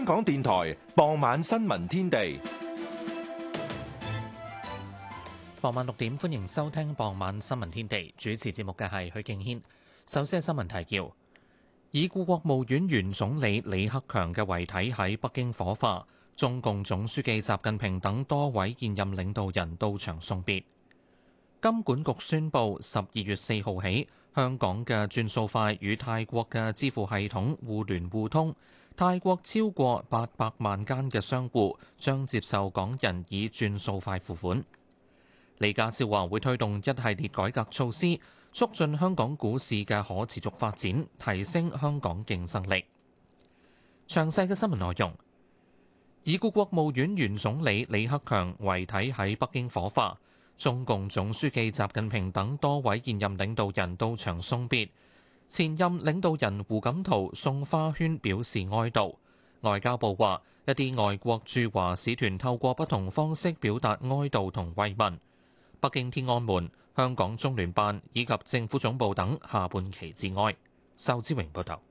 香港電台傍晚新聞天地。傍晚六點，歡迎收聽傍晚新聞天地。主持節目嘅係許敬軒。首先係新聞提要：已故國務院原總理李克強嘅遺體喺北京火化，中共總書記習近平等多位現任領導人到場送別。金管局宣布，十二月四號起，香港嘅轉數快與泰國嘅支付系統互聯互通。泰國超過八百萬間嘅商戶將接受港人以轉數快付款。李家超話會推動一系列改革措施，促進香港股市嘅可持續發展，提升香港競爭力。詳細嘅新聞內容，已故國務院原總理李克強遺體喺北京火化，中共總書記習近平等多位現任領導人到場送別。前任領導人胡錦濤送花圈表示哀悼。外交部話，一啲外國駐華使團透過不同方式表達哀悼同慰問。北京天安門、香港中聯辦以及政府總部等下半旗致哀。仇志榮報道。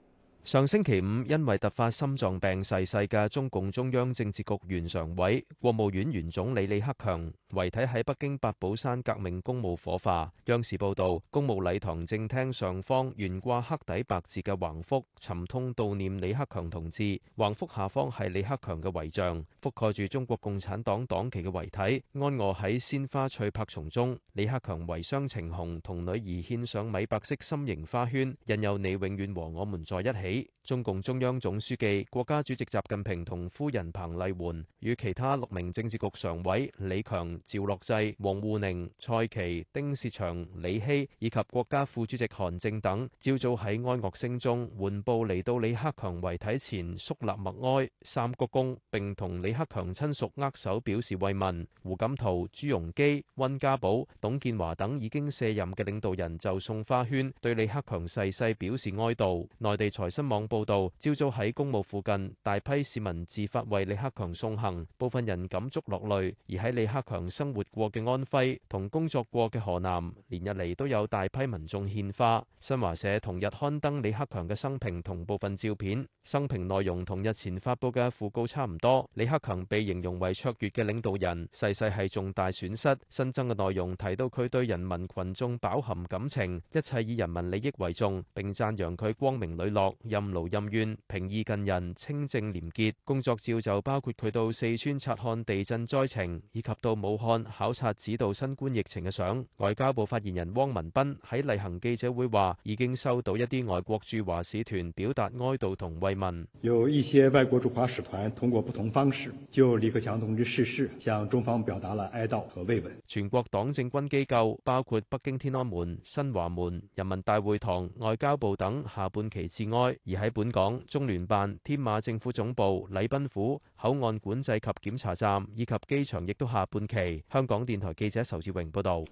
上星期五，因為突發心臟病逝世嘅中共中央政治局原常委、國務院原總理李克強，遺體喺北京八寶山革命公墓火化。央視報導，公墓禮堂正廳上方懸掛黑底白字嘅橫幅，沉痛悼念李克強同志。橫幅下方係李克強嘅遺像，覆蓋住中國共產黨黨旗嘅遺體，安卧喺鮮花翠柏叢中。李克強遺孀程虹同女兒獻上米白色心形花圈，印有「你永遠和我們在一起」。中共中央總書記、國家主席習近平同夫人彭麗媛與其他六名政治局常委李強、趙樂際、王滬寧、蔡奇、丁薛祥、李希，以及國家副主席韓正等，朝早喺哀樂聲中緩步嚟到李克強遺體前，肅立默哀、三鞠躬，並同李克強親屬握手表示慰問。胡錦濤、朱鎔基、溫家寶、董建華等已經卸任嘅領導人就送花圈，對李克強逝世表示哀悼。內地財。新網報導，朝早喺公墓附近，大批市民自發為李克強送行，部分人感觸落淚。而喺李克強生活過嘅安徽同工作過嘅河南，連日嚟都有大批民眾獻花。新華社同日刊登李克強嘅生平同部分照片，生平內容同日前發布嘅訃告差唔多。李克強被形容為卓越嘅領導人，逝世係重大損失。新增嘅內容提到佢對人民群眾飽含感情，一切以人民利益為重，並讚揚佢光明磊落。任勞任怨，平易近人，清正廉潔。工作照就包括佢到四川察看地震災情，以及到武漢考察指導新冠疫情嘅相。外交部發言人汪文斌喺例行記者會話：已經收到一啲外國駐華使團表達哀悼同慰問。有一些外國駐華使團通過不同方式，就李克強同志逝世向中方表達了哀悼和慰問。全國黨政軍機構，包括北京天安門、新華門、人民大會堂、外交部等下半旗致哀。而喺本港，中聯辦、天馬政府總部、禮賓府、口岸管制及檢查站以及機場，亦都下半期。香港電台記者仇志榮報導。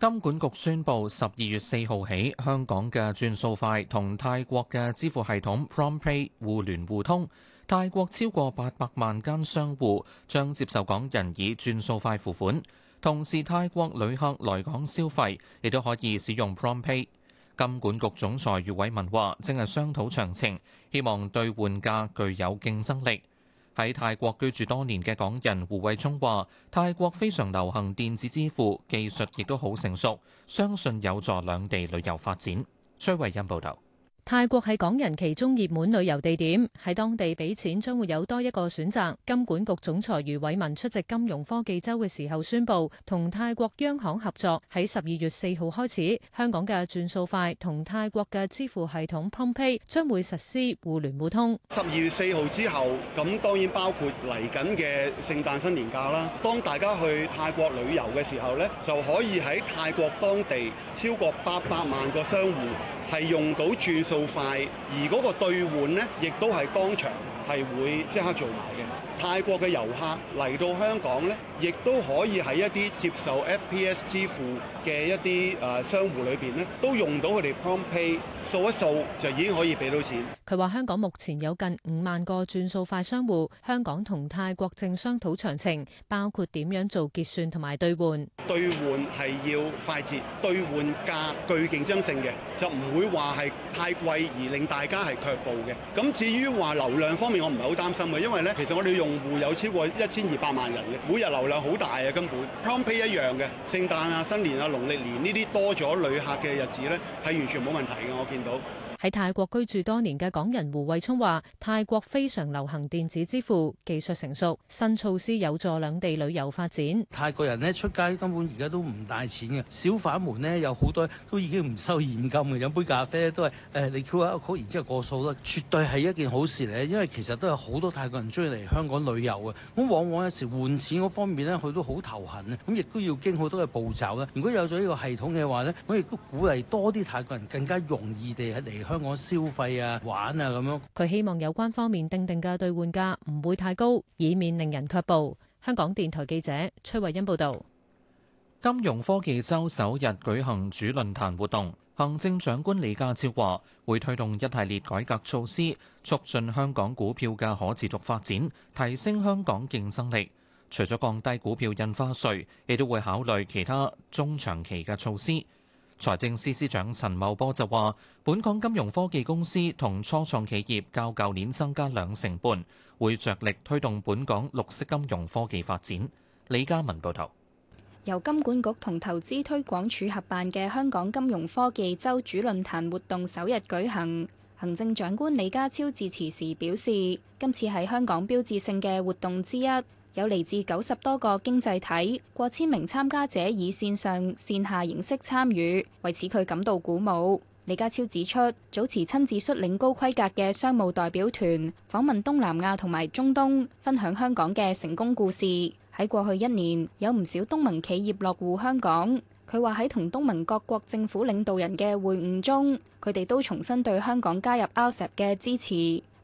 金管局宣布，十二月四號起，香港嘅轉數快同泰國嘅支付系統 Prompay 互聯互通。泰國超過八百萬間商戶將接受港人以轉數快付款，同時泰國旅客來港消費亦都可以使用 Prompay。金管局總裁余偉文話：正係商討詳情，希望兌換價具有競爭力。喺泰國居住多年嘅港人胡衛聰話：泰國非常流行電子支付，技術亦都好成熟，相信有助兩地旅遊發展。崔慧欣報道。泰國係港人其中熱門旅遊地點，喺當地俾錢將會有多一個選擇。金管局總裁余偉文出席金融科技周嘅時候，宣布同泰國央行合作，喺十二月四號開始，香港嘅轉數快同泰國嘅支付系統 PromptPay 將會實施互聯互通。十二月四號之後，咁當然包括嚟緊嘅聖誕新年假啦。當大家去泰國旅遊嘅時候呢，就可以喺泰國當地超過八百萬個商戶。係用到轉數快，而嗰個兌換呢，亦都係當場係會即刻做埋嘅。泰國嘅遊客嚟到香港呢，亦都可以喺一啲接受 FPS 支付。嘅一啲誒商戶裏邊咧，都用到佢哋 PromptPay 掃一掃就已經可以俾到錢。佢話香港目前有近五萬個轉數快商戶，香港同泰國正商討詳情，包括點樣做結算同埋兌換。兌換係要快捷，兌換價具競爭性嘅，就唔會話係太貴而令大家係卻步嘅。咁至於話流量方面，我唔係好擔心嘅，因為咧其實我哋用戶有超過一千二百萬人嘅，每日流量好大啊，根本。PromptPay 一樣嘅，聖誕啊、新年啊。農曆年呢啲多咗旅客嘅日子咧，係完全冇問題嘅，我見到。喺泰國居住多年嘅港人胡慧聰話，泰國非常流行電子支付，技術成熟，新措施有助兩地旅遊發展。泰國人咧，出街根本而家都唔帶錢嘅，小販們咧，有好多都已經唔收現金嘅，飲杯咖啡都係，誒、呃、你 Q 下 code 然之後過數啦，絕對係一件好事嚟。因為其實都有好多泰國人鍾意嚟香港旅遊嘅，咁往往有時換錢嗰方面咧，佢都好頭痕啊，咁亦都要經好多嘅步驟啦。如果有咗呢個系統嘅話咧，我亦都鼓勵多啲泰國人更加容易地嚟。香港消費啊、玩啊咁樣，佢希望有關方面定定嘅兌換價唔會太高，以免令人卻步。香港電台記者崔慧欣報導。金融科技周首日舉行主論壇活動，行政長官李家超話：會推動一系列改革措施，促進香港股票嘅可持續發展，提升香港競爭力。除咗降低股票印花稅，亦都會考慮其他中長期嘅措施。財政司司長陳茂波就話：本港金融科技公司同初創企業較舊年增加兩成半，會着力推動本港綠色金融科技發展。李嘉文報道。由金管局同投資推廣署合辦嘅香港金融科技週主論壇活動首日舉行，行政長官李家超致辭時表示，今次係香港標誌性嘅活動之一。有嚟自九十多個經濟體過千名參加者以線上、線下形式參與，為此佢感到鼓舞。李家超指出，早前親自率領高規格嘅商務代表團訪問東南亞同埋中東，分享香港嘅成功故事。喺過去一年，有唔少東盟企業落戶香港。佢話喺同東盟各國政府領導人嘅會晤中，佢哋都重新對香港加入 RCEP 嘅支持。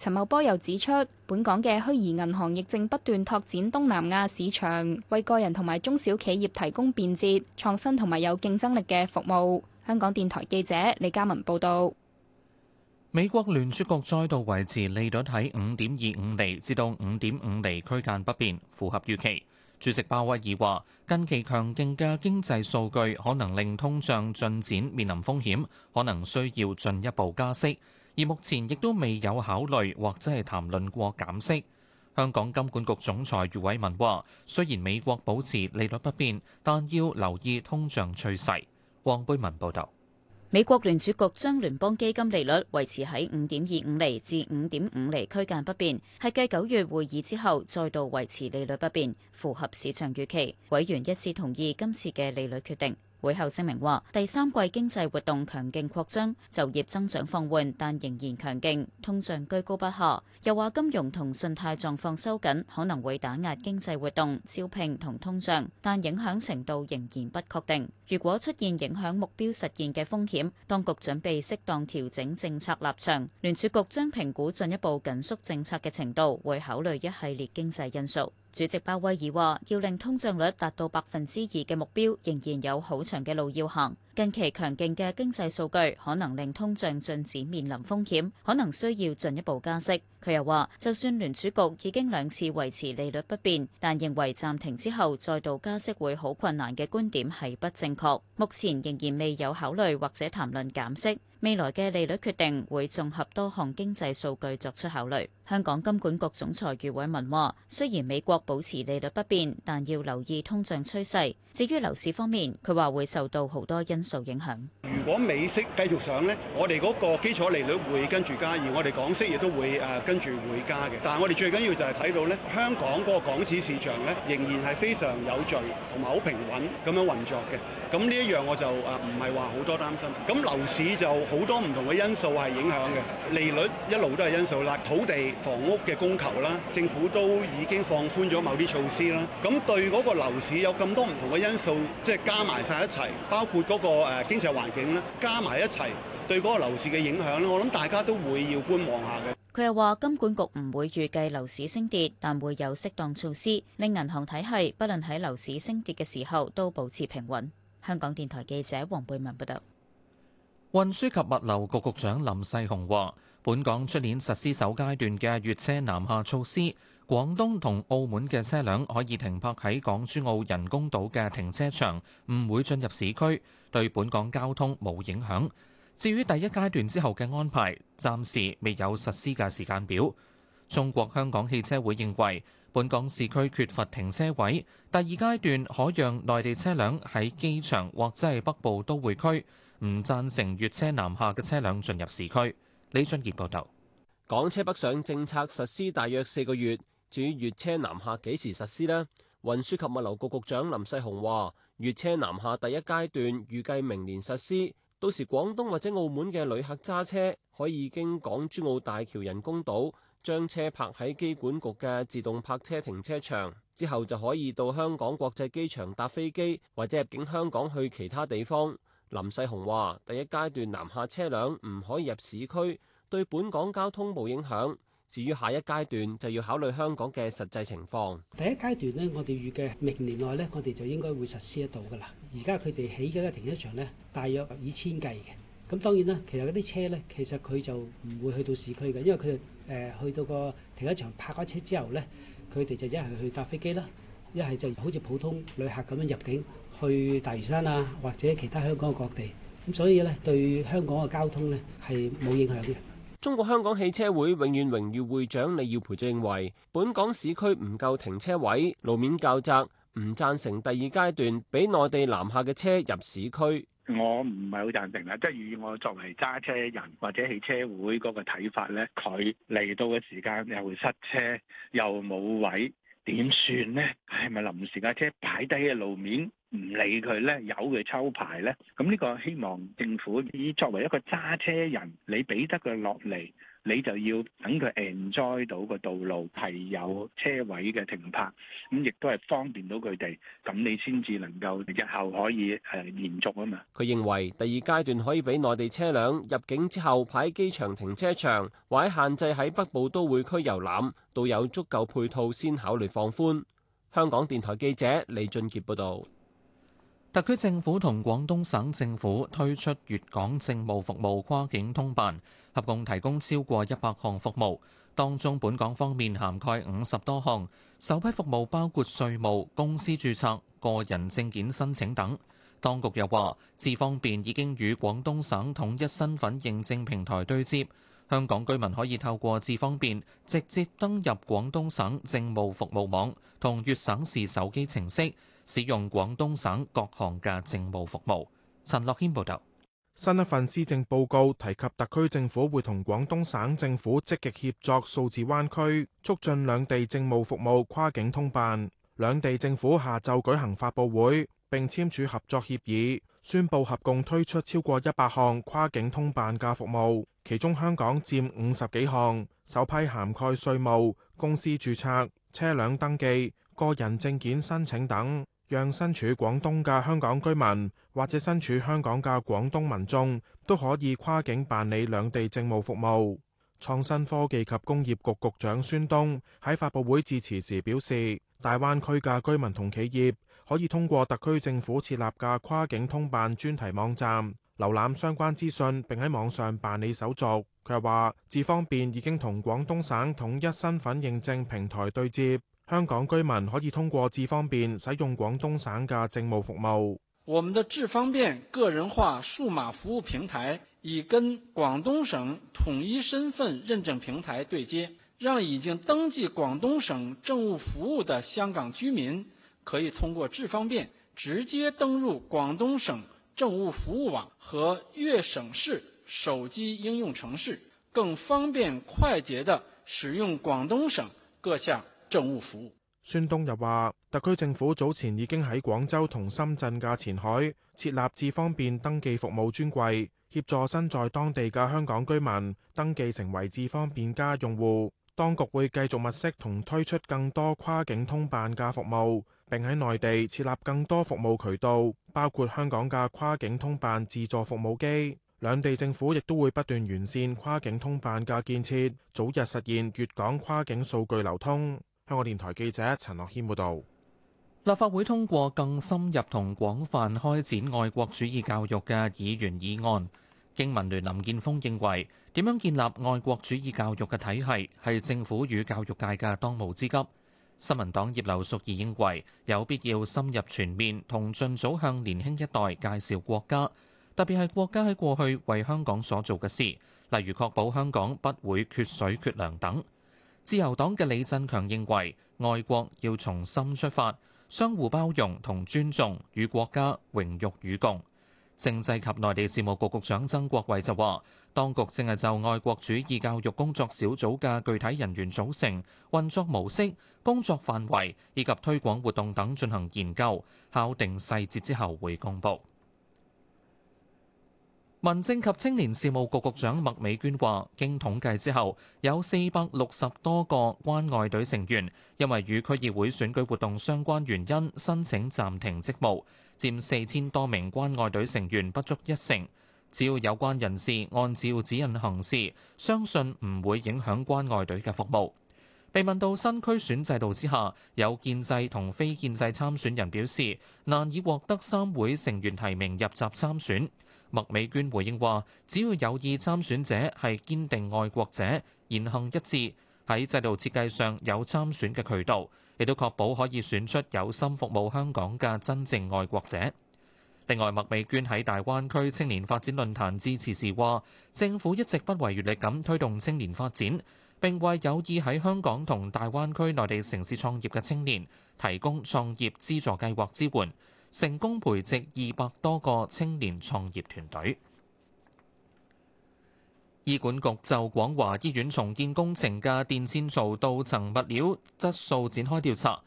陳茂波又指出，本港嘅虛擬銀行亦正不斷拓展東南亞市場，為個人同埋中小企業提供便捷、創新同埋有競爭力嘅服務。香港電台記者李嘉文報道。美國聯儲局再度維持利率喺五點二五厘至到五點五厘區間不變，符合預期。主席鮑威爾話：近期強勁嘅經濟數據可能令通脹進展面臨風險，可能需要進一步加息。而目前亦都未有考慮或者係談論過減息。香港金管局總裁余偉文話：雖然美國保持利率不變，但要留意通脹趨勢。黃貝文報導。美國聯儲局將聯邦基金利率維持喺5.25厘至5.5厘區間不變，係繼九月會議之後再度維持利率不變，符合市場預期。委員一致同意今次嘅利率決定。會後聲明話，第三季經濟活動強勁擴張，就業增長放緩，但仍然強勁，通脹居高不下。又話，金融同信貸狀況收緊，可能會打壓經濟活動、招聘同通脹，但影響程度仍然不確定。如果出現影響目標實現嘅風險，當局準備適當調整政策立場。聯儲局將評估進一步緊縮政策嘅程度，會考慮一系列經濟因素。主席鮑威爾話，要令通脹率達到百分之二嘅目標，仍然有好長嘅路要行。近期強勁嘅經濟數據可能令通脹進展面臨風險，可能需要進一步加息。佢又話：就算聯儲局已經兩次維持利率不變，但認為暫停之後再度加息會好困難嘅觀點係不正確。目前仍然未有考慮或者談論減息。未來嘅利率決定會綜合多項經濟數據作出考慮。香港金管局總裁余偉文話：雖然美國保持利率不變，但要留意通脹趨勢。至於樓市方面，佢話會受到好多因素受影響，如果美息繼續上呢，我哋嗰個基礎利率會跟住加，而我哋港息亦都會誒跟住會加嘅。但係我哋最緊要就係睇到呢，香港嗰個港紙市，市場呢，仍然係非常有序同埋好平穩咁樣運作嘅。咁呢一樣我就啊唔係話好多擔心。咁樓市就好多唔同嘅因素係影響嘅，利率一路都係因素啦，土地、房屋嘅供求啦，政府都已經放寬咗某啲措施啦。咁對嗰個樓市有咁多唔同嘅因素，即係加埋晒一齊，包括嗰個誒經濟環境咧，加埋一齊對嗰個樓市嘅影響咧，我諗大家都會要觀望下嘅。佢又話：金管局唔會預計樓市升跌，但會有適當措施令銀行體系，不論喺樓市升跌嘅時候都保持平穩。香港電台記者黃貝文報道，運輸及物流局局長林世雄話，本港出年實施首階段嘅粵車南下措施，廣東同澳門嘅車輛可以停泊喺港珠澳人工島嘅停車場，唔會進入市區，對本港交通冇影響。至於第一階段之後嘅安排，暫時未有實施嘅時間表。中國香港汽車會認為，本港市區缺乏停車位，第二階段可讓內地車輛喺機場或者係北部都會區，唔贊成粵車南下嘅車輛進入市區。李俊傑報道。港車北上政策實施大約四個月，至於粵車南下幾時實施呢？運輸及物流局局長林世雄話，粵車南下第一階段預計明年實施，到時廣東或者澳門嘅旅客揸車可以經港珠澳大橋人工島，將車泊喺機管局嘅自動泊車停車場，之後就可以到香港國際機場搭飛機，或者入境香港去其他地方。林世雄話：第一階段南下車輛唔可以入市區，對本港交通冇影響。至於下一階段，就要考慮香港嘅實際情況。第一階段呢，我哋預計明年內呢，我哋就應該會實施得到噶啦。而家佢哋起嘅停車場呢，大約二千計嘅。咁、嗯、當然啦，其實嗰啲車呢，其實佢就唔會去到市區嘅，因為佢誒、呃、去到個停車場泊開車之後呢，佢哋就一係去搭飛機啦，一係就好似普通旅客咁樣入境去大嶼山啊，或者其他香港嘅各地。咁所以呢，對香港嘅交通呢係冇影響嘅。中國香港汽車會永遠榮譽會長李耀培就認為，本港市區唔夠停車位，路面較窄，唔贊成第二階段俾內地南下嘅車入市區。我唔係好贊成啦，即係以我作為揸車人或者汽車會嗰個睇法呢，佢嚟到嘅時間又會塞車，又冇位，點算呢？係咪臨時架車擺低嘅路面唔理佢呢？有佢抽牌呢？咁呢個希望政府以作為一個揸車人，你畀得佢落嚟。你就要等佢 enjoy 到個道路係有車位嘅停泊，咁亦都係方便到佢哋，咁你先至能夠日後可以係延續啊嘛。佢認為第二階段可以俾內地車輛入境之後排機場停車場，或者限制喺北部都會區遊覽，都有足夠配套先考慮放寬。香港電台記者李俊傑報道。特區政府同廣東省政府推出粵港政務服務跨境通辦。合共提供超過一百項服務，當中本港方面涵蓋五十多項首批服務包括稅務、公司註冊、個人證件申請等。當局又話智方便已經與廣東省統一身份認證平台對接，香港居民可以透過智方便直接登入廣東省政務服務網同粵省市手機程式，使用廣東省各項嘅政務服務陳樂謙報道。新一份施政報告提及，特區政府會同廣東省政府積極協作數字灣區，促進兩地政務服務跨境通辦。兩地政府下晝舉行發佈會，並簽署合作協議，宣布合共推出超過一百項跨境通辦嘅服務，其中香港佔五十幾項，首批涵蓋稅務、公司註冊、車輛登記、個人證件申請等。讓身處廣東嘅香港居民或者身處香港嘅廣東民眾都可以跨境辦理兩地政務服務。創新科技及工業局局長孫東喺發佈會致辭時表示，大灣區嘅居民同企業可以通過特區政府設立嘅跨境通辦專題網站瀏覽相關資訊，並喺網上辦理手續。佢又話，為方便已經同廣東省統一身份認證平台對接。香港居民可以通過智方便使用廣東省嘅政務服務。我們的智方便個人化數碼服務平台已跟廣東省統一身份認證平台對接，讓已經登記廣東省政務服務的香港居民，可以通過智方便直接登入廣東省政務服務網和粵省市手機應用程式，更方便快捷地使用廣東省各項。政務服務，孫東又話：特區政府早前已經喺廣州同深圳嘅前海設立智方便登記服務專櫃，協助身在當地嘅香港居民登記成為智方便加用戶，當局會繼續物色同推出更多跨境通辦嘅服務，並喺內地設立更多服務渠道，包括香港嘅跨境通辦自助服務機，兩地政府亦都會不斷完善跨境通辦嘅建設，早日實現粵港跨境數據流通。香港電台記者陳樂謙報道，立法會通過更深入同廣泛開展愛國主義教育嘅議員議案。經民聯林健鋒認為，點樣建立愛國主義教育嘅體系係政府與教育界嘅當務之急。新民黨葉劉淑儀認為，有必要深入全面同盡早向年輕一代介紹國家，特別係國家喺過去為香港所做嘅事，例如確保香港不會缺水缺糧等。自由黨嘅李振強認為，愛國要從心出發，相互包容同尊重，與國家榮辱與共。政制及內地事務局局長曾國衛就話，當局正係就愛國主義教育工作小組嘅具體人員組成、運作模式、工作範圍以及推廣活動等進行研究，敲定細節之後會公布。民政及青年事務局局長麥美娟話：經統計之後，有四百六十多個關愛隊成員因為與區議會選舉活動相關原因申請暫停職務，佔四千多名關愛隊成員不足一成。只要有關人士按照指引行事，相信唔會影響關愛隊嘅服務。被問到新區選制度之下有建制同非建制參選人表示難以獲得三會成員提名入閘參選。麥美娟回應話：只要有意參選者係堅定愛國者，言行一致，喺制度設計上有參選嘅渠道，亦都確保可以選出有心服務香港嘅真正愛國者。另外，麥美娟喺大灣區青年發展論壇致辭時話：政府一直不遺餘力咁推動青年發展，並為有意喺香港同大灣區內地城市創業嘅青年提供創業資助計劃支援。成功培植二百多個青年創業團隊。醫管局就廣華醫院重建工程嘅電線槽、到層物料質素展開調查。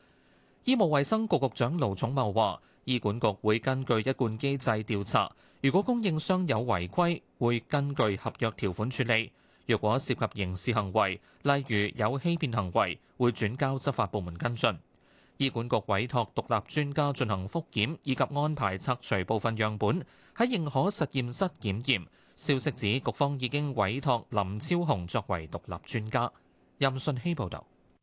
醫務衛生局局長盧寵茂話醫管局會根據一貫機制調查，如果供應商有違規會根據合約條款處理，若果涉及刑事行為，例如有欺騙行為會轉交執法部門跟進。醫管局委託獨立專家進行覆檢，以及安排抽取部分樣本，喺認可實驗室檢驗。消息指局方已經委託林超雄作為獨立專家。任信希報道。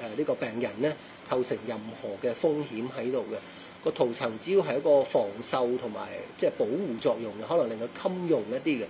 誒呢個病人呢，構成任何嘅風險喺度嘅，個塗層只要係一個防鏽同埋即係保護作用嘅，可能令佢襟用一啲嘅。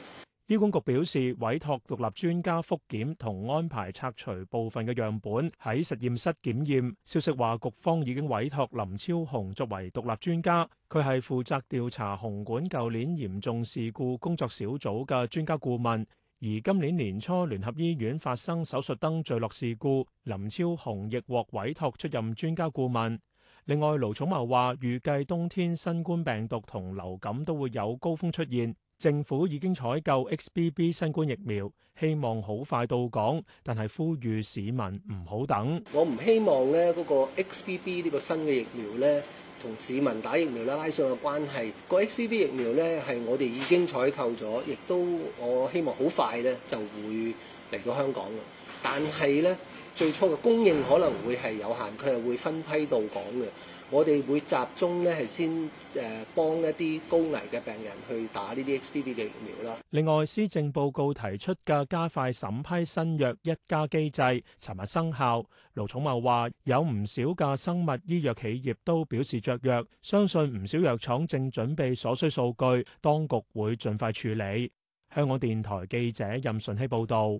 醫管局表示委託獨立專家復檢同安排拆除部分嘅樣本喺實驗室檢驗。消息話局方已經委託林超雄作為獨立專家，佢係負責調查紅館舊年嚴重事故工作小組嘅專家顧問。而今年年初，聯合醫院發生手術燈墜落事故，林超雄亦獲委託出任專家顧問。另外，盧寵茂話預計冬天新冠病毒同流感都會有高峰出現。政府已經採購 XBB 新冠疫苗，希望好快到港，但係呼籲市民唔好等。我唔希望呢嗰個 XBB 呢個新嘅疫苗呢，同市民打疫苗咧拉上嘅關係。個 XBB 疫苗呢，係我哋已經採購咗，亦都我希望好快呢就會嚟到香港嘅。但係呢。最初嘅供應可能會係有限，佢係會分批到港嘅。我哋會集中咧係先誒幫一啲高危嘅病人去打呢啲 XBB 嘅疫苗啦。另外，施政報告提出嘅加快審批新藥一加機制，尋日生效。盧寵茂話有唔少嘅生物醫藥企業都表示雀躍，相信唔少藥廠正準備所需數據，當局會盡快處理。香港電台記者任順希報道。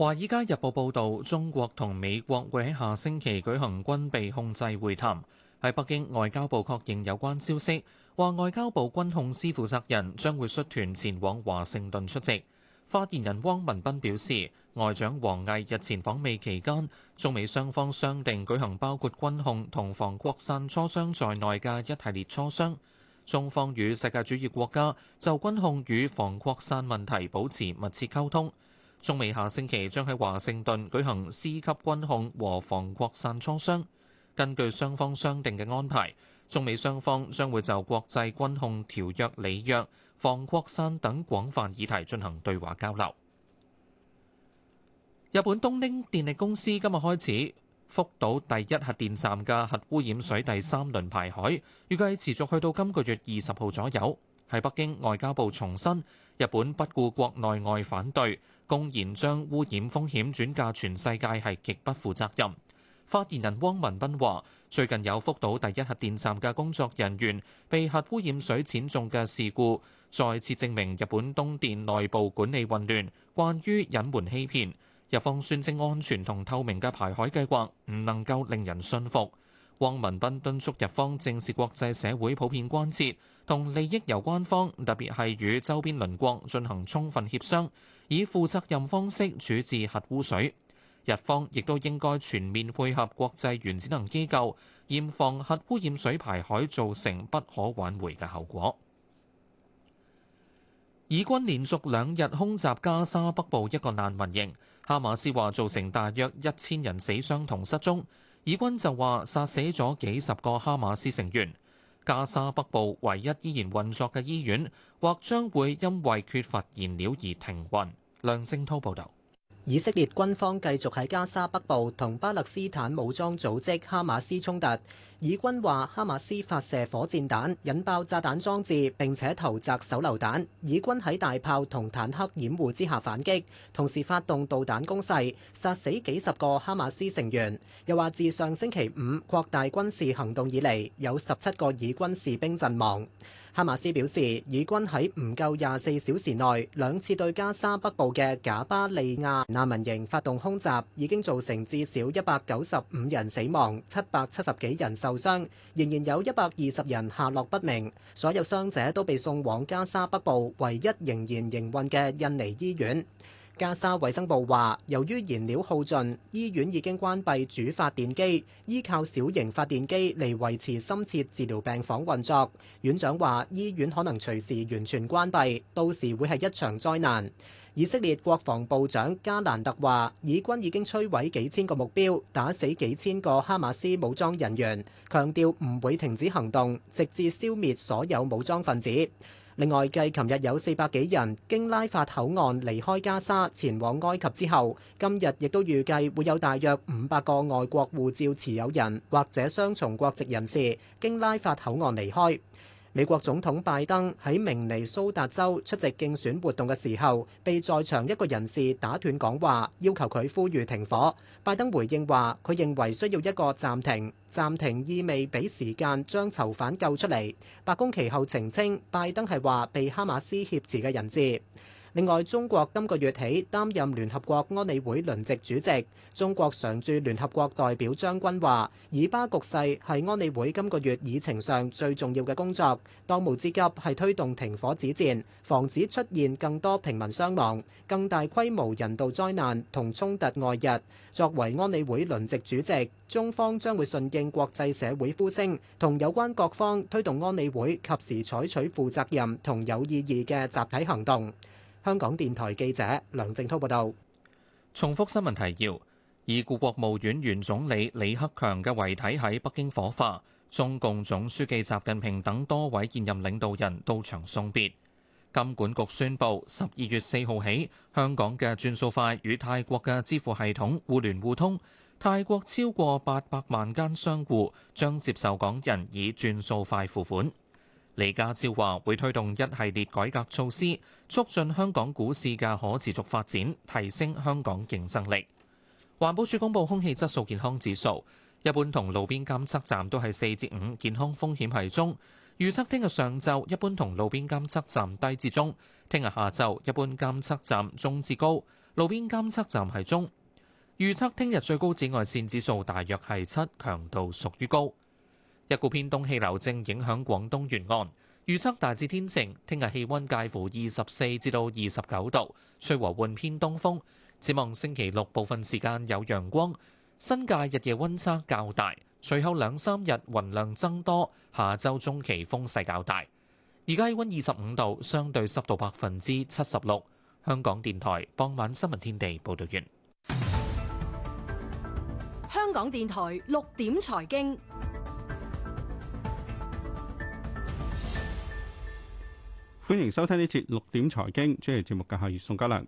《華爾街日報》報道，中國同美國會喺下星期舉行軍備控制會談。喺北京，外交部確認有關消息，話外交部軍控司負責人將會率團前往華盛頓出席。發言人汪文斌表示，外長王毅日前訪美期間，中美雙方商定舉行包括軍控同防擴散磋商在內嘅一系列磋商。中方與世界主要國家就軍控與防擴散問題保持密切溝通。中美下星期將喺華盛頓舉行司級軍控和防擴散磋商。根據雙方商定嘅安排，中美雙方將會就國際軍控條約里約防擴散等廣泛議題進行對話交流。日本東京電力公司今日開始福島第一核電站嘅核污染水第三輪排海，預計持續去到今個月二十號左右。喺北京，外交部重申，日本不顧國內外反對，公然將污染風險轉嫁全世界係極不負責任。發言人汪文斌話：最近有福島第一核電站嘅工作人員被核污染水濺中嘅事故，再次證明日本東電內部管理混亂，慣於隱瞞欺騙，日方宣稱安全同透明嘅排海計劃，唔能夠令人信服。汪文斌敦促日方正視國際社會普遍關切，同利益有關方，特別係與周邊鄰國進行充分協商。以負責任方式處置核污水，日方亦都應該全面配合國際原子能機構，嚴防核污染水排海造成不可挽回嘅後果。以軍連續兩日空襲加沙北部一個難民營，哈馬斯話造成大約一千人死傷同失蹤，以軍就話殺死咗幾十個哈馬斯成員。加沙北部唯一依然運作嘅醫院，或將會因為缺乏燃料而停運。梁晶濤報道。以色列軍方繼續喺加沙北部同巴勒斯坦武裝組織哈馬斯衝突。以軍話，哈馬斯發射火箭彈、引爆炸彈裝置，並且投擲手榴彈。以軍喺大炮同坦克掩護之下反擊，同時發動導彈攻勢，殺死幾十個哈馬斯成員。又話，自上星期五擴大軍事行動以嚟，有十七個以軍士兵陣亡。哈馬斯表示，以軍喺唔夠廿四小時內兩次對加沙北部嘅賈巴利亞難民營發動空襲，已經造成至少一百九十五人死亡、七百七十幾人受傷，仍然有一百二十人下落不明。所有傷者都被送往加沙北部唯一仍然營運嘅印尼醫院。加沙衞生部話，由於燃料耗盡，醫院已經關閉主發電機，依靠小型發電機嚟維持深切治療病房運作。院長話，醫院可能隨時完全關閉，到時會係一場災難。以色列國防部長加蘭特話，以軍已經摧毀幾千個目標，打死幾千個哈馬斯武裝人員，強調唔會停止行動，直至消滅所有武裝分子。另外，繼琴日有四百幾人經拉法口岸離開加沙前往埃及之後，今日亦都預計會有大約五百個外國護照持有人或者雙重國籍人士經拉法口岸離開。美國總統拜登喺明尼蘇達州出席競選活動嘅時候，被在場一個人士打斷講話，要求佢呼籲停火。拜登回應話，佢認為需要一個暫停，暫停意味俾時間將囚犯救出嚟。白宮其後澄清，拜登係話被哈馬斯挾持嘅人質。另外，中國今個月起擔任聯合國安理會輪值主席。中國常駐聯合國代表張軍話，以巴局勢係安理會今個月議程上最重要嘅工作，當務之急係推動停火止戰，防止出現更多平民傷亡、更大規模人道災難同衝突外溢。作為安理會輪值主席，中方將會順應國際社會呼聲，同有關各方推動安理會及時採取負責任同有意義嘅集體行動。香港電台記者梁正濤報道：重複新聞提要，已故國務院原總理李克強嘅遺體喺北京火化，中共總書記習近平等多位現任領導人到場送別。金管局宣布，十二月四號起，香港嘅轉數快與泰國嘅支付系統互聯互通，泰國超過八百萬間商戶將接受港人以轉數快付款。李家超話會推動一系列改革措施，促進香港股市嘅可持續發展，提升香港競爭力。環保署公布空氣質素健康指數，一般同路邊監測站都係四至五，健康風險係中。預測聽日上晝一般同路邊監測站低至中，聽日下晝一般監測站中至高，路邊監測站係中。預測聽日最高紫外線指數大約係七，強度屬於高。一股偏東氣流正影響廣東沿岸，預測大致天晴，聽日氣温介乎二十四至到二十九度，吹和緩偏東風。展望星期六部分時間有陽光，新界日夜温差較大。隨後兩三日雲量增多，下週中期風勢較大。而家氣温二十五度，相對濕度百分之七十六。香港電台傍晚新聞天地報道完。香港電台六點財經。歡迎收聽呢節六點財經，主持節目嘅係宋嘉良。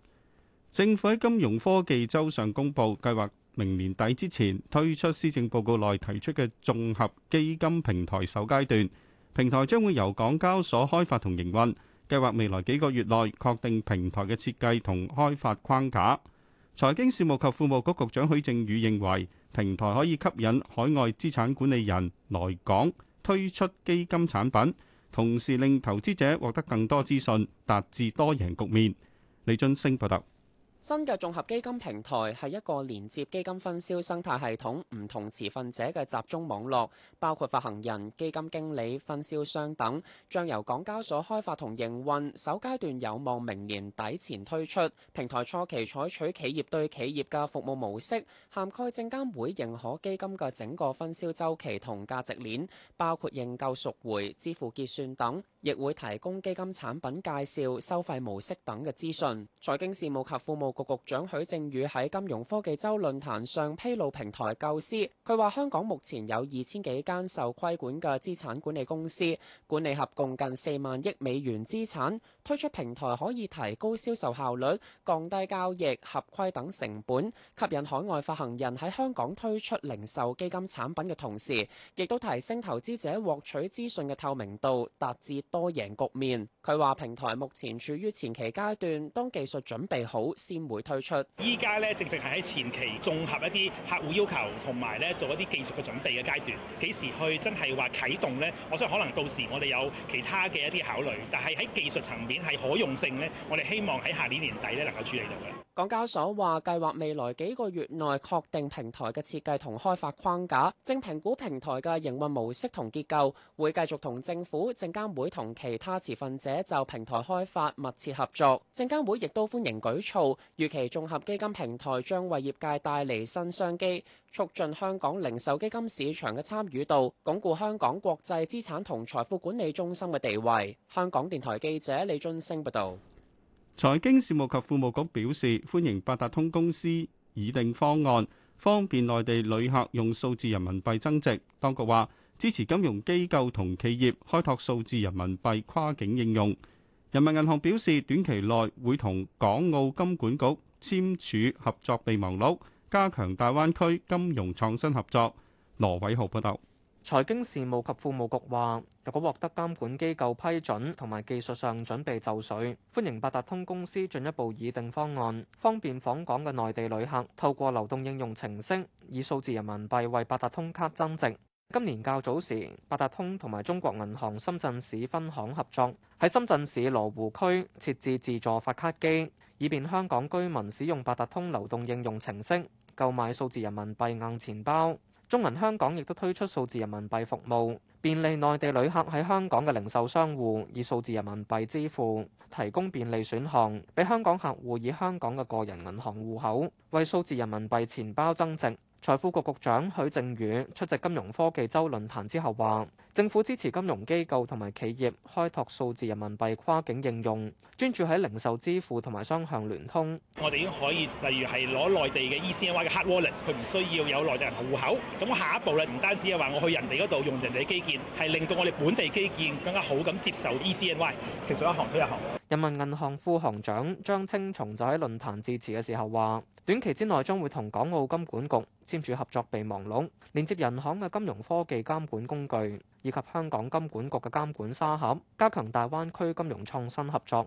政府喺金融科技周上公布，計劃明年底之前推出施政報告內提出嘅綜合基金平台首階段。平台將會由港交所開發同營運，計劃未來幾個月內確定平台嘅設計同開發框架。財經事務及庫務局局長許正宇認為，平台可以吸引海外資產管理人來港推出基金產品。同時令投資者獲得更多資訊，達至多贏局面。李俊升報道。新嘅綜合基金平台係一個連接基金分銷生態系統唔同持份者嘅集中網絡，包括發行人、基金經理、分銷商等，將由港交所開發同營運。首階段有望明年底前推出。平台初期採取企業對企業嘅服務模式，涵蓋證監會認可基金嘅整個分銷週期同價值鏈，包括認購、贖回、支付結算等，亦會提供基金產品介紹、收費模式等嘅資訊。財經事務及服務局局長許正宇喺金融科技周論壇上披露平台嘅構思，佢話香港目前有二千幾間受規管嘅資產管理公司，管理合共近四萬億美元資產。推出平台可以提高銷售效率，降低交易、合規等成本，吸引海外發行人喺香港推出零售基金產品嘅同時，亦都提升投資者獲取資訊嘅透明度，達至多贏局面。佢話平台目前處於前期階段，當技術準備好，會推出依家咧，正正係喺前期綜合一啲客戶要求，同埋咧做一啲技術嘅準備嘅階段。幾時去真係話啟動咧？我想可能到時我哋有其他嘅一啲考慮。但係喺技術層面係可用性咧，我哋希望喺下年年底咧能夠處理到嘅。港交所話計劃未來幾個月內確定平台嘅設計同開發框架，正評估平台嘅營運模式同結構，會繼續同政府、證監會同其他持份者就平台開發密切合作。證監會亦都歡迎舉措，預期綜合基金平台將為業界帶嚟新商機，促進香港零售基金市場嘅參與度，鞏固香港國際資產同財富管理中心嘅地位。香港電台記者李津升報道。財經事務及庫務局表示歡迎八達通公司擬定方案，方便內地旅客用數字人民幣增值。當局話支持金融機構同企業開拓數字人民幣跨境應用。人民銀行表示短期內會同港澳金管局簽署合作備忘錄，加強大灣區金融創新合作。羅偉豪報道。財經事務及庫務局話：如果獲得監管機構批准同埋技術上準備就緒，歡迎八達通公司進一步擬定方案，方便訪港嘅內地旅客透過流動應用程式以數字人民幣為八達通卡增值。今年較早時，八達通同埋中國銀行深圳市分行合作喺深圳市羅湖區設置自助發卡機，以便香港居民使用八達通流動應用程式購買數字人民幣硬錢包。中銀香港亦都推出數字人民幣服務，便利內地旅客喺香港嘅零售商戶以數字人民幣支付，提供便利選項，俾香港客戶以香港嘅個人銀行戶口，為數字人民幣錢包增值。財富局局長許正宇出席金融科技周論壇之後話：政府支持金融機構同埋企業開拓數字人民幣跨境應用，專注喺零售支付同埋雙向聯通。我哋已經可以，例如係攞內地嘅 ECNY 嘅黑 wallet 佢唔需要有內地人戶口。咁下一步咧，唔單止係話我去人哋嗰度用人哋基建，係令到我哋本地基建更加好咁接受 ECNY，成實一行推一行。人民銀行副行長張青松就喺論壇致辭嘅時候話：短期之內將會同港澳金管局簽署合作備忘錄，連接人行嘅金融科技監管工具，以及香港金管局嘅監管沙盒，加強大灣區金融創新合作。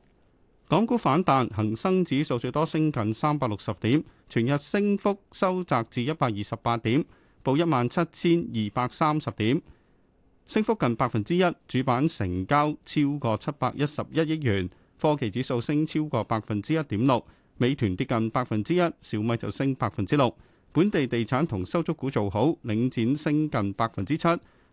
港股反彈，恒生指數最多升近三百六十點，全日升幅收窄至一百二十八點，報一萬七千二百三十點，升幅近百分之一。主板成交超過七百一十一億元，科技指數升超過百分之一點六。美團跌近百分之一，小米就升百分之六。本地地產同收租股做好，領展升近百分之七，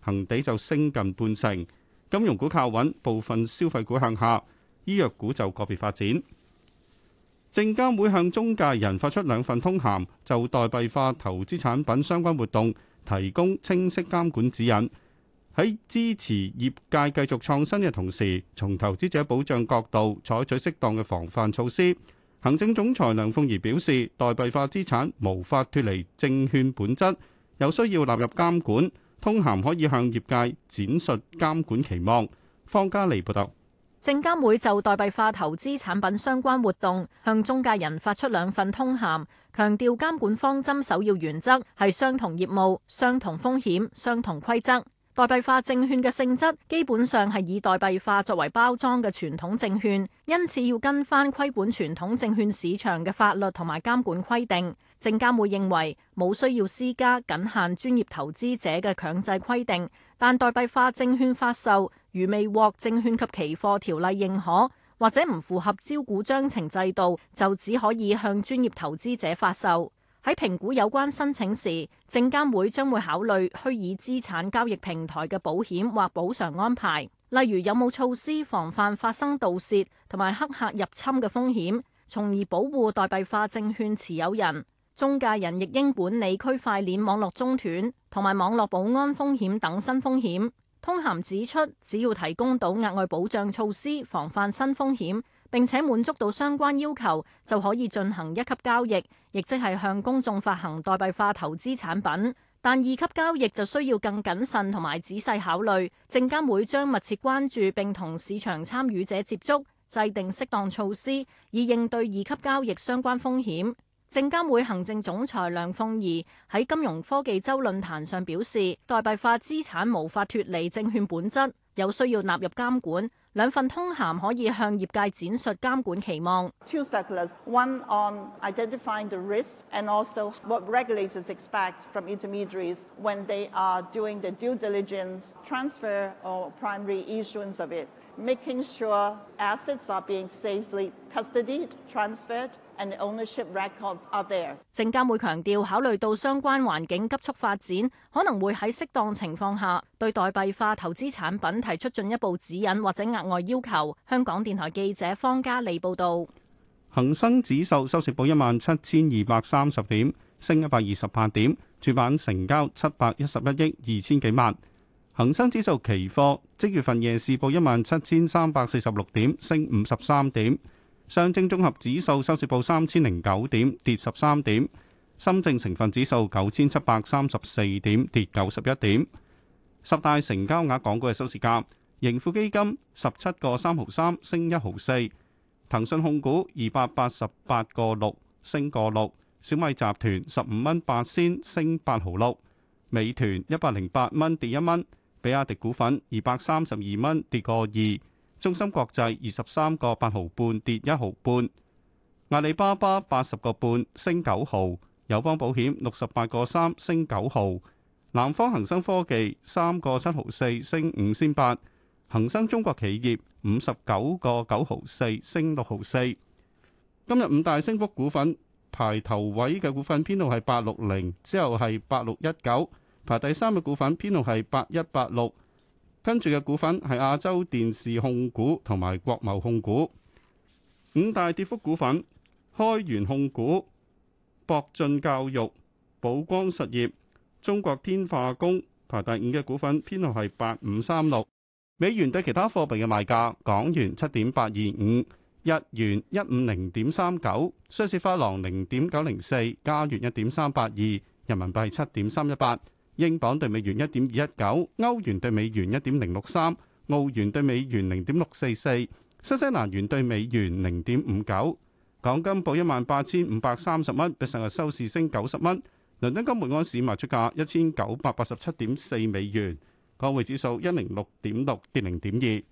恒地就升近半成。金融股靠穩，部分消費股向下。醫藥股就個別發展。證監會向中介人發出兩份通函，就代幣化投資產品相關活動提供清晰監管指引，喺支持業界繼續創新嘅同時，從投資者保障角度採取適當嘅防範措施。行政總裁梁鳳儀表示，代幣化資產無法脫離證券本質，有需要納入監管。通函可以向業界展述監管期望。方家利報道。證監會就代幣化投資產品相關活動向中介人發出兩份通函，強調監管方針首要原則係相同業務、相同風險、相同規則。代幣化證券嘅性質基本上係以代幣化作為包裝嘅傳統證券，因此要跟翻規管傳統證券市場嘅法律同埋監管規定。證監會認為冇需要施加僅限專業投資者嘅強制規定，但代幣化證券發售。如未獲證券及期貨條例認可，或者唔符合招股章程制度，就只可以向專業投資者發售。喺評估有關申請時，證監會將會考慮虛擬資產交易平台嘅保險或補償安排，例如有冇措施防範發生盜竊同埋黑客入侵嘅風險，從而保護代幣化證券持有人。中介人亦應管理區塊鏈網絡中斷同埋網絡保安風險等新風險。通函指出，只要提供到額外保障措施，防範新風險，並且滿足到相關要求，就可以進行一級交易，亦即係向公眾發行代幣化投資產品。但二級交易就需要更謹慎同埋仔細考慮，證監會將密切關注並同市場參與者接觸，制定適當措施以應對二級交易相關風險。證監會行政總裁梁鳳儀喺金融科技周論壇上表示，代幣化資產無法脱離證券本質，有需要納入監管。兩份通函可以向業界展述監管期望。Two making sure assets are being safely custodied, transferred, and ownership records are there。證監會強調，考慮到相關環境急速發展，可能會喺適當情況下對代幣化投資產品提出進一步指引或者額外要求。香港電台記者方嘉莉報導。恒生指數收市報一萬七千二百三十點，升一百二十八點，主板成交七百一十一億二千幾萬。恒生指數期貨即月份夜市報一萬七千三百四十六點，升五十三點。上證綜合指數收市報三千零九點，跌十三點。深證成分指數九千七百三十四點，跌九十一點。十大成交額港股嘅收市價：盈富基金十七個三毫三，升一毫四；騰訊控股二百八十八個六，升個六；小米集團十五蚊八仙，升八毫六；美團一百零八蚊，跌一蚊。比亞迪股份二百三十二蚊跌個二，中芯國際二十三個八毫半跌一毫半，阿里巴巴八十個半升九毫，友邦保險六十八個三升九毫，南方恒生科技三個七毫四升五仙八，恒生中國企業五十九個九毫四升六毫四。今日五大升幅股份排頭位嘅股份編號係八六零，之後係八六一九。排第三嘅股份編號係八一八六，跟住嘅股份係亞洲電視控股同埋國貿控股。五大跌幅股份：開源控股、博進教育、寶光實業、中國天化工。排第五嘅股份編號係八五三六。美元對其他貨幣嘅賣價：港元七點八二五，日元一五零點三九，瑞士法郎零點九零四，加元一點三八二，人民幣七點三一八。英鎊兌美元一點二一九，歐元兌美元一點零六三，澳元兌美元零點六四四，新西蘭元兌美元零點五九。港金報一萬八千五百三十蚊，比上日收市升九十蚊。倫敦金每安士賣出價一千九百八十七點四美元，港匯指數一零六點六跌零點二。